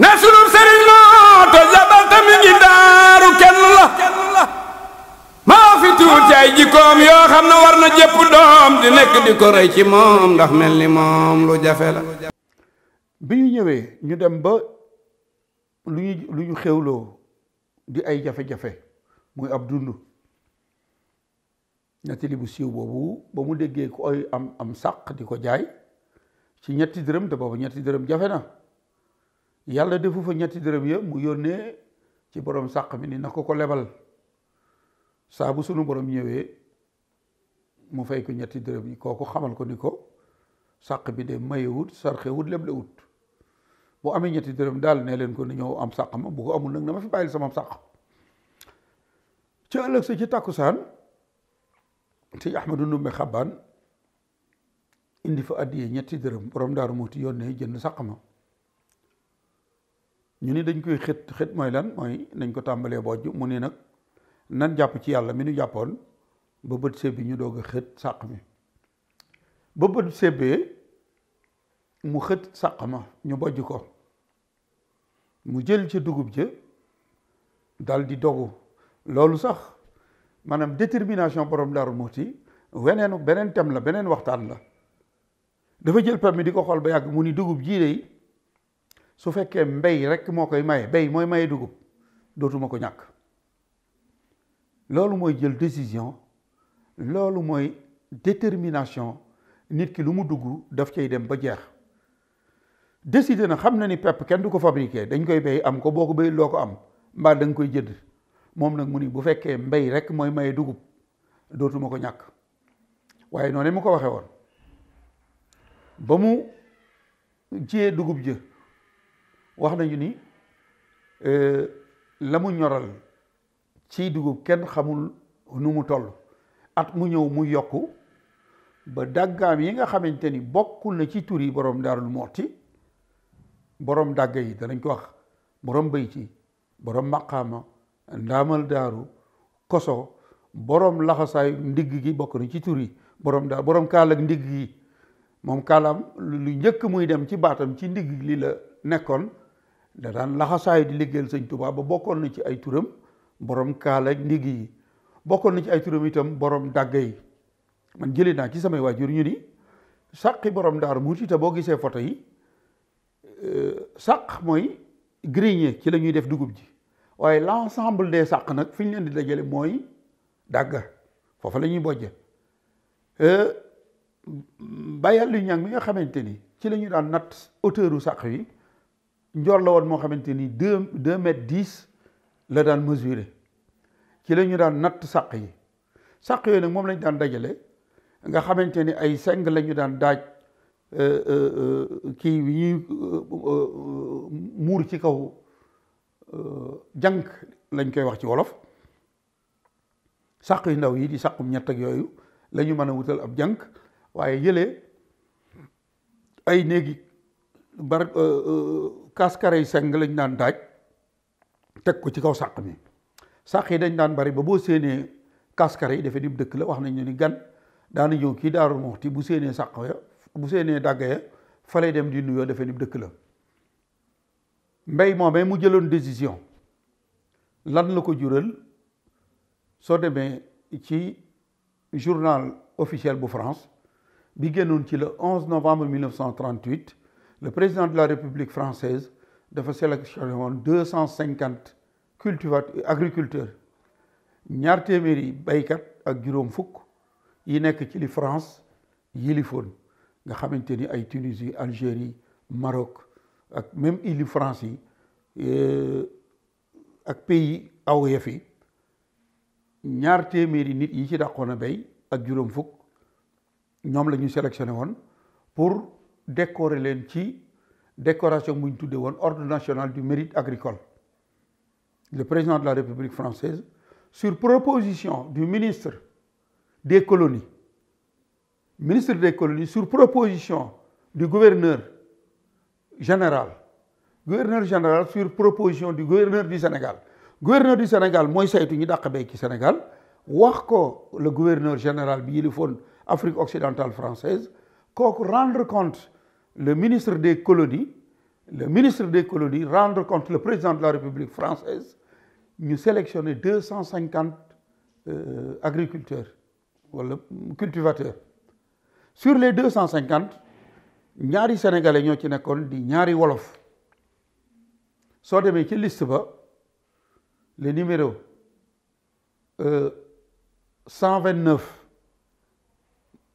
ne sunu sëriñ loo to jabal te ngi daaru kenn la maa fi tuuti jikkoom yoo xam ne war na jëpp doom di nekk di ko rey ci moom ndax mel ni moom lu jafe la bi ñu ñëwee ñu dem ba lu ñu xewloo di ay jafe-jafe muy ab dund nettali bu siiw boobu ba mu déggee ku ay am am sàq di ko jaay ci ñetti dërëm te boobu ñetti dërëm jafe na yàlla defu fa ñetti dërëm ya mu yónnee ci borom sàq mi ni na ko ko lebal saa bu sunu borom ñëwee mu fay ko ñetti dërëm yi kooku xamal ko ni ko sàq bi de mayewut sarxewut leblewut bu amee ñetti dërëm daal nee leen ko ni ñëw am sàq ma bu ko amul nag na ma fi bàyyil sama sàq ci ëllëg si ci tàkkusaan sëñ Ahmadu Ndumbe Xabaan indi fa addiye ñetti dërëm borom daaru muuti yónnee jënd sàq ma ñu ni dañ koy xët xët mooy lan mooy nañ ko tàmbalee bojj mu ni nag nan jàpp ci yàlla mi nu jàppoon ba bët sébbi ñu doog a xët sàq mi ba bët sébbee mu xët sàq ma ñu bojj ko mu jël ca dugub ja dal di dogu loolu sax maanaam détermination borom Daaru Muxti weneenu beneen tem la beneen waxtaan la dafa jël permis di ko xool ba yàgg mu ni dugub jii de su fekkee mbéy rek moo koy maye béy mooy maye dugub dootuma ko ñàkk loolu mooy jël décision loolu mooy détermination nit ki lu mu dugg daf cay dem ba jeex décider na xam na ni pepp kenn du ko fabriquer dañ koy béy am ko boo ko béy loo ko am mbaa da koy jënd moom nag mu ni bu fekkee mbéy rek mooy maye dugub dootuma ko ñàkk waaye noonu mu ko waxee woon ba mu jiyee dugub jë wax nañu ni euh, la mu ñoral ci dugub kenn xamul nu mu toll at mu ñëw mu yokku ba dàggaam yi nga xamante ni bokkul na ci tur yi borom daarul mooti borom dàgga yi danañ ko wax borom bayti borom maqaama ndaamal daaru koso borom laxasaay ndigg gi bokk na ci tur yi borom daar borom kaal ndigg gi moom kaalam lu njëkk muy dem ci baatam ci ndigg li la nekkoon da daan laxasaayu di liggéeyal sañ Tuubaa ba bokkoon na ci ay turam borom kaala ak ndigg yi bokkoon na ci ay turam itam borom dàgg yi man jëlee naa ci samay waajur ñu ni sàqi borom daaru muuti te boo gisee photo yi euh, sàq mooy grenier ci lañuy def dugub ji waaye l'ensemble des sàq nag fi ñu leen di dajale mooy dàgg foofa la ñuy bojje euh, bàyyal lu ñàng mi nga xamante ni ci la daan natt auteuru sàq yi njool la woon moo xamante ni deux deux mètres dix la daan mesurer ci lañu daan natt sàq yi sàq yooyu nag moom lañ daan dajale nga xamante ni ay seng lañu daan daaj euh, euh, euh, kii wi ñuy muur ci kaw jànk lañ koy wax ci wolof sàq yu ndaw yi di sàqum ñett ak yooyu lañu ñu mën a wutal ab jànk waaye yëlee ay néegi bar kaskare yi seng lañ daan daaj teg ko ci kaw sàq mi sàq yi dañ daan bari ba boo séenee kaskare yi defe ni dëkk la wax nañ ne ni gan daana ñëw kii Daaru ti bu séenee sàq ya bu seenee dàgg ya fale dem di nuyoo defe ni dëkk la mbay moomee mu jëloon décision lan la ko jural soo demee ci journal officiel bu France bi génnoon ci le 11 novembre 1938 le président de la République française dafa sélectionné woon deux cent cinquante cultivateurs agriculteurs ñaar téeméeri baykat ak juróom fukk yi nekk ci li France yilifoon nga xamante ni ay Tunisie Algérie Maroc ak même île France yi eh, ak pays AOF ñaar téeméeri nit yi ci dàqoon a bay ak juróom fukk ñoom la ñu sélectionné woon pour décorer leen ci décoration bu ñu tuddee woon ordre national du mérite agricole le président de la république française sur proposition du ministre des colonies ministre des colonies sur proposition du gouverneur général gouverneur général sur proposition du gouverneur du Sénégal gouverneur du Sénégal mooy saytu ñu dàq béy ci Sénégal wax ko le gouverneur général bi yilifoon Afrique occidentale française kooku rendre compte le ministre des colonies le ministre des colonies rendre compte le président de la République française ñu sélectionner deux cent cinquante euh, agriculteurs wala cultivateurs sur les deux cent cinquante ñaari sénégalais ñoo ci nekkoon di ñaari wolof soo demee ci liste ba le numéro euh, cent vingt neuf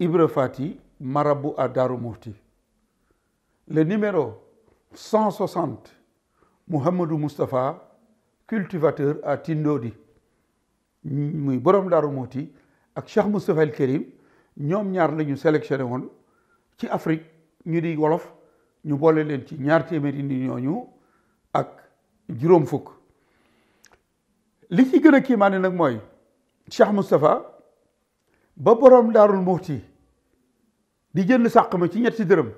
Ibra Fati marabu à Darou Mufti le numéro 160 Mouhamadou Moustapha cultivateur à Tindodi muy borom Daaru Muhti ak Cheikh Moustapha El Kérim ñoom ñaar la ñu sélectionné woon ci Afrique ñu wolof ñu boole leen ci ñaar téeméeri nit ñooñu ak juróom fukk li ci gën a kiimaane nag mooy Cheikh Moustapha ba borom Daaru Muhti di jënd sàq ma ci ñetti dërëm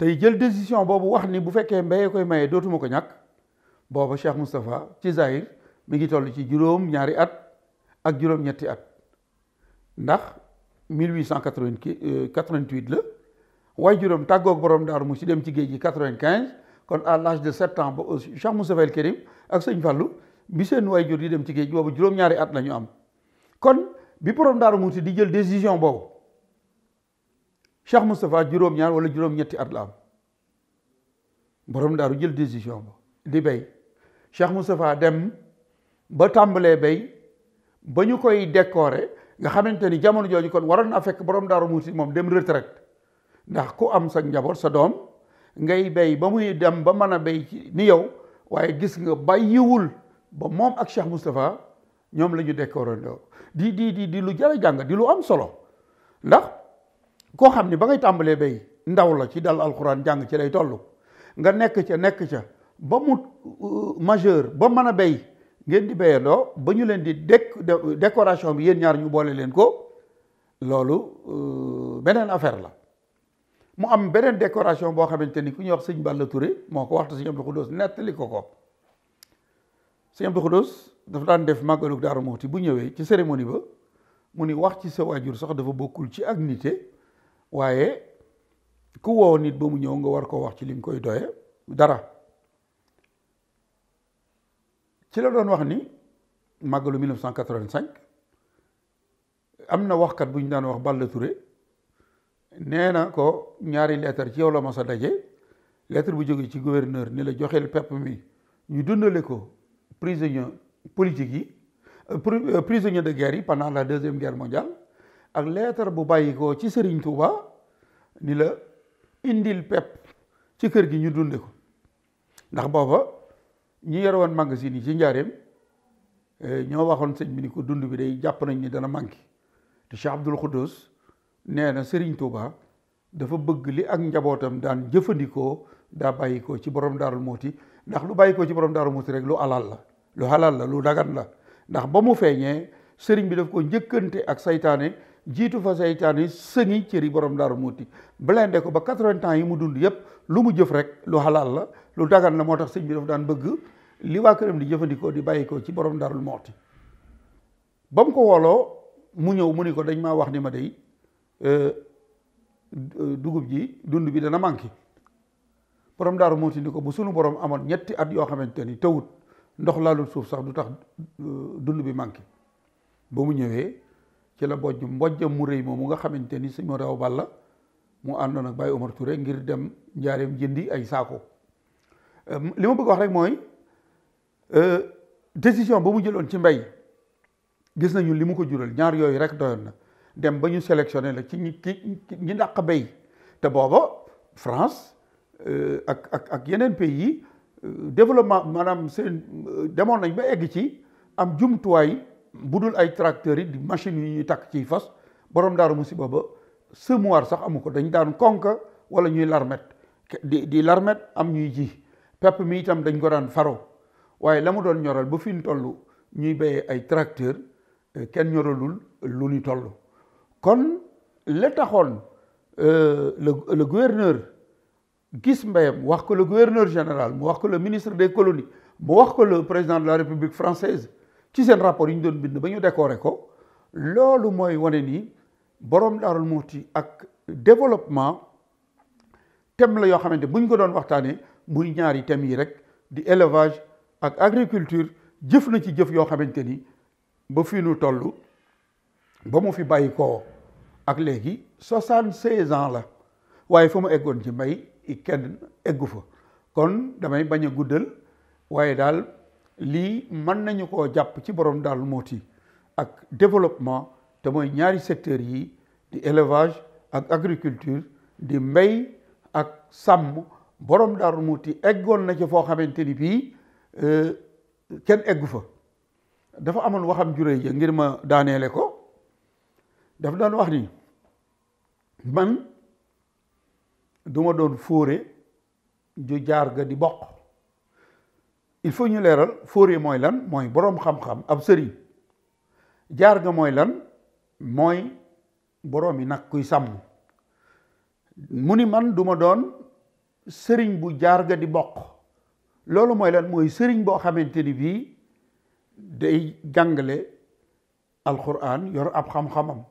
tey jël décision boobu wax ni bu fekkee mbéyee koy maye dootuma ko ñàkk booba Cheikh Moustapha ci Zahir mi ngi toll ci juróom-ñaari at ak juróom-ñetti at ndax 1888 euh, la waaye juróom tàggoog borom daaru mu si dem ci géej gi 95 kon à l'âge de 7 ans ba euh, Cheikh Moustapha El Kérim ak sëñ Fallou bi seen waajur di dem ci géej gi boobu juróom-ñaari at la ñu am kon bi borom daaru mu si di jël décision boobu Cheikh Moustapha juróom-ñaar wala juróom-ñetti at la am borom daaru jël décision ba di béy Cheikh Moustapha dem ba tàmbalee béy ba ñu koy décorer nga xamante ni jamono jooju kon waroon naa fekk borom daaru muuti moom dem retraite ndax ku am sa njaboot sa doom ngay béy ba muy dem ba mën a béy ci ni yow waaye gis nga yiwul ba moom ak Cheikh Moustapha ñoom la ñu décorer di di di di lu jar a jàng di lu am solo ndax. koo xam ni ba ngay tàmbalee bay ndaw la ci dal alxuraan jàng ci lay toll nga nekk ca nekk ca ba mu euh, majeur ba mën a bay ngeen di béyandoo ba ñu leen di déc décoration bi yéen ñaar ñu boole leen ko loolu euh, beneen affaire la mu am beneen décoration boo xamante ni ku ñuy wax sëñ Balla ture moo ko waxtu sëñ Abdou Khoudous nettali ko ko sëñ Abdou Khoudous dafa daan def màggalug moo ti bu ñëwee ci cérémonie ba mu ni wax ci sa waajur sax dafa bokkul ci ak waaye ku wow nit ba mu ñëw nga war koo wax ci lim koy doyee dara ci la doon wax ni màggalu 1985 am na waxkat bu ñu daan wax Balla Touré nee na ko ñaari lettre ci yow la mas a daje lettre bu jógee ci gouverneur ni la joxeel pepp mi ñu dundale ko prisonnier politique yi euh, euh, prisonnier de guerre yi pendant la deuxième guerre mondial ak leetar bu bàyyikoo ci sëriñ Touba ni la indil pepp ci kër gi ñu dunde ko ndax booba ñu yore woon magasin yi ci njaareem eh, ñoo waxoon sëñ bi ni ko dund bi day jàpp nañ ni dana manqué te Cheikh Abdoul Khoudous nee na sëriñ Touba dafa bëgg li ak njabootam daan jëfandikoo daa bàyyikoo ci borom daarul mooti ndax lu bàyyi bàyyikoo ci borom daarul mooti rek lu alal la lu halal la lu dagan la ndax ba mu feeñee sëriñ bi daf ko njëkkante ak seytaane jiitu fa seytaan yi sëñi cëri borom daaru muuti blende ko ba quatre-vingts yi mu dund yépp lu mu jëf rek lu xalaal la lu dagan la moo tax sëñ bi dafa daan bëgg li waa këram di jëfandikoo di bàyyi ko ci borom daarul mooti ba mu ko wooloo mu ñëw mu ni ko dañ maa wax ni ma dey euh, dugub ji dund bi dana manqué borom daaru muuti ni ko bu sunu borom amoon ñetti at yoo xamante ni tawut ndox laalul suuf sax du tax euh, dund bi manqué ba mu ñëwee ci la bojj mbojjam mu rëy moomu nga xamante ni sëñ Mor rew Balla mu àndoon nag Baye Omar ngir dem njaareem jëndi ay saako euh, li ma bëgg wax rek mooy euh, décision ba mu jëloon ci mbay gis nañu li mu ko jural ñaar yooyu rek doyoon na dem ba ñu sélectionné la ci ñi ñi dàq bay te booba France euh, ak ak ak yeneen pays yi développement maanaam seen demoon nañ ba egg ci am jumtuwaay bu dul ay tracteurs yi di machines yi ñuy takk ciy fas borom daaru musiba ba semoir sax amu ko dañ daan konk wala ñuy larmet di di larmet am ñuy ji pepp mi itam dañ ko daan faro waaye la mu doon ñoral ba fi ñu toll ñuy béyee ay tracteur eh, kenn ñoralul lu ñu toll kon la taxoon eh, la le gouverneur gis mbéyam wax ko le gouverneur général mu wax ko le ministre des colonies mu wax ko le président de la république française ci seen rapport yi ñu doon bind ba ñu dekoore ko loolu mooy wane boroom borom Daaru Muxti ak développement thème la yoo xamante bu ñu ko doon waxtaanee muy ñaari thèmes yi rek di élevage ak agriculture jëf na ci jëf yoo xamante ni ba fii nu toll ba mu fi bàyyi koo ak léegi soixante-seize ans la waaye fa mu eggoon ci mbay kenn eggu fa kon damay bañ a guddal waaye daal lii mën nañu koo jàpp ci borom daal mooti ak développement te mooy ñaari secteurs yi di élevage ak agriculture di mbéy ak sàmm borom daaru muuti eggoon na ci foo xamante ni bii euh, kenn eggu fa dafa amoon waxam juré ja ngir ma daaneele ko daf doon wax ni man duma doon fóore ju jaar ga di bokk il faut ñu leeral fóore mooy lan mooy boroom xam-xam ab sëriñ jaar nga mooy lan mooy boroom yi nag kuy sàmm mu ni man duma doon sëriñ bu jaar nga di bokk loolu mooy lan mooy sëriñ boo xamante ni bii day jàngale alxuraan yor ab xam-xamam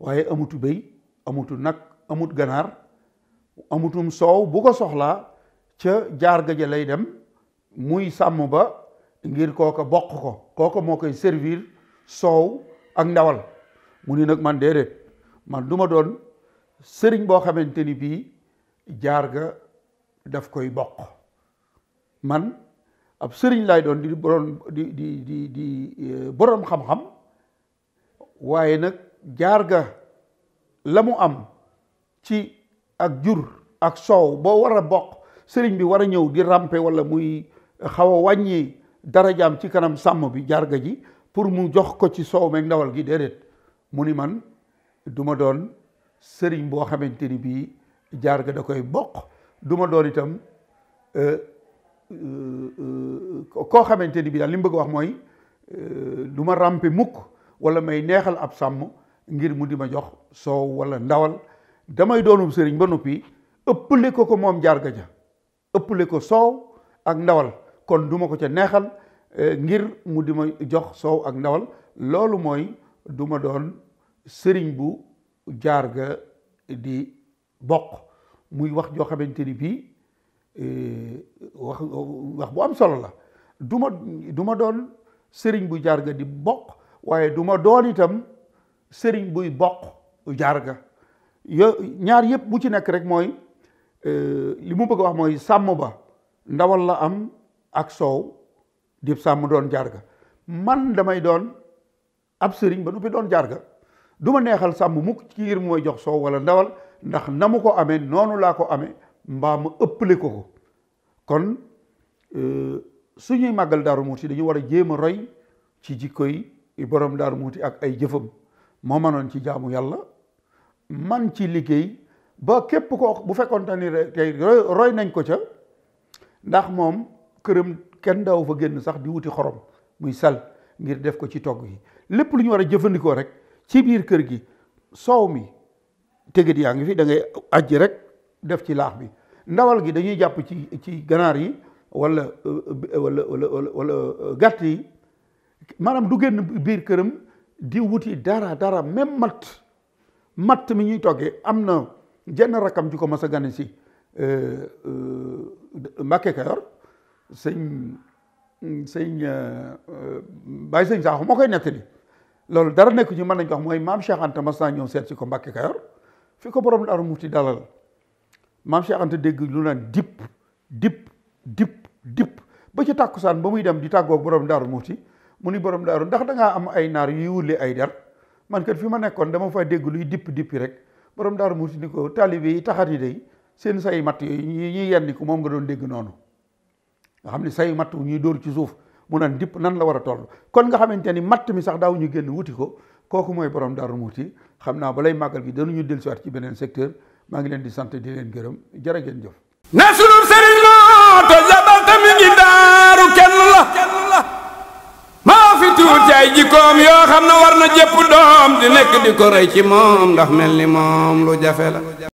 waaye amutu béy amutu nag amut ganaar amutum soow bu ko soxlaa ca jaar ga ja lay dem muy sàmm ba ngir kooka bokk ko kooka moo koy servir soow ak ndawal mu ni nag man déedéet man duma doon sëriñ boo xamante ni bii jaar ga daf koy bokk man ab sëriñ laay doon di di di di di eh, borom xam-xam waaye nag jaar ga la mu am ci ak jur ak soow boo war a bokk sëriñ bi war a ñëw di ràmpe walla muy xaw a wàññi darajaam ci kanam sàmm bi jarga ji pour mu jox ko ci soow meeg ndawal gi déedéet mu ni man duma doon sëriñ boo xamante ni bii jarga da koy bokk du ma doon itam euh, euh, koo xamante ni bii daal lim mu bëgg wax mooy euh, du ma rampe mukk wala may neexal ab sàmm ngir mu di ma jox soow wala ndawal damay doonum sëriñ ba noppi ëpple ko ko moom jarga ja ëpple ko soow ak ndawal kon du ma ko ca neexal eh, ngir mu di ma jox soow ak ndawal loolu mooy du ma doon sëriñ bu jaar ga di boq muy wax joo ni bii eh, wax wax bu am solo la du ma doon sëriñ bu jaar ga waaye du ma doon itam sëriñ buy bokk jaar ga yo ñaar yëpp bu ci nekk rek mooy eh, li mu bëgg a wax mooy sàmm ba ndawal la am ak soow di sàmm doon jarga man damay doon ab sëriñ ba noppi doon jarga du ma neexal sàmm mukk ci ngir mooy jox soow wala ndawal ndax na mu ko amee noonu laa ko amee mbaam ma ëpple ko ko kon euh, suñuy màggal Daaru Muxti dañu war a jéem a roy ci jikkoy borom Daaru muuti ak ay jëfam moo manoon ci jaamu yàlla man ci liggéey ba képp ko bu fekkoonte ni tey roy nañ ko ca ndax moom këram kenn daaw fa génn sax di wuti xorom muy sal ngir def ko ci togg yi lépp lu ñu war a jëfandikoo rek ci biir kër gi soow mi tëgët yaa ngi fi da ngay rek def ci laax bi ndawal gi dañuy jàpp ci ci ganaar yi wala euh, wala walla wala euh, gàtt yi maanaam du génn biir këram di wuti dara dara même matt matt mi ñuy toggee am na jenn rakam ju ko mas a gane si euh, Mbàkke Kajoor sëñ sëñ euh, euh, Baye sëñ Sakho moo koy nettali loolu dara nekk ñu mën nañ jox mooy maam Cheikh Anta mas naa ñëw seet si ko Mbàkke Kayor fi ko borom Daaru Muxti dalal maam Cheikh Anta dégg lu naan dip dipp dip dip ba ci tàkkusaan ba muy dem di tàggoog borom Daaru Muxti mu ni borom daaru ndax da am ay naar yuy wulli ay der man kat fi ma nekkoon dama fa dégg luy dipp dippi rek borom daaru Muxti ni ko taalibe yi taxat yi day seen say matt yooyu ñuy yendiku moom nga doon dégg noonu nga xam ne say matt ñuy dóor ci suuf mu nan dipp nan la war a toll kon nga xamante ni matt mi sax daaw ñu génn wuti ko kooku mooy borom Daaru Muxti xam naa balay màggal gi danañu dellusiwaat ci beneen secteur maa ngi leen di sant di leen gërëm jërë ngeen jëf nasrul sëriñ moo a jabanta mi ngi daaru kenn la maa fi tuuti ay jikkoom yoo xam ne war na jëpp doom di nekk di ko rey ci moom ndax mel ni moom lu jafe la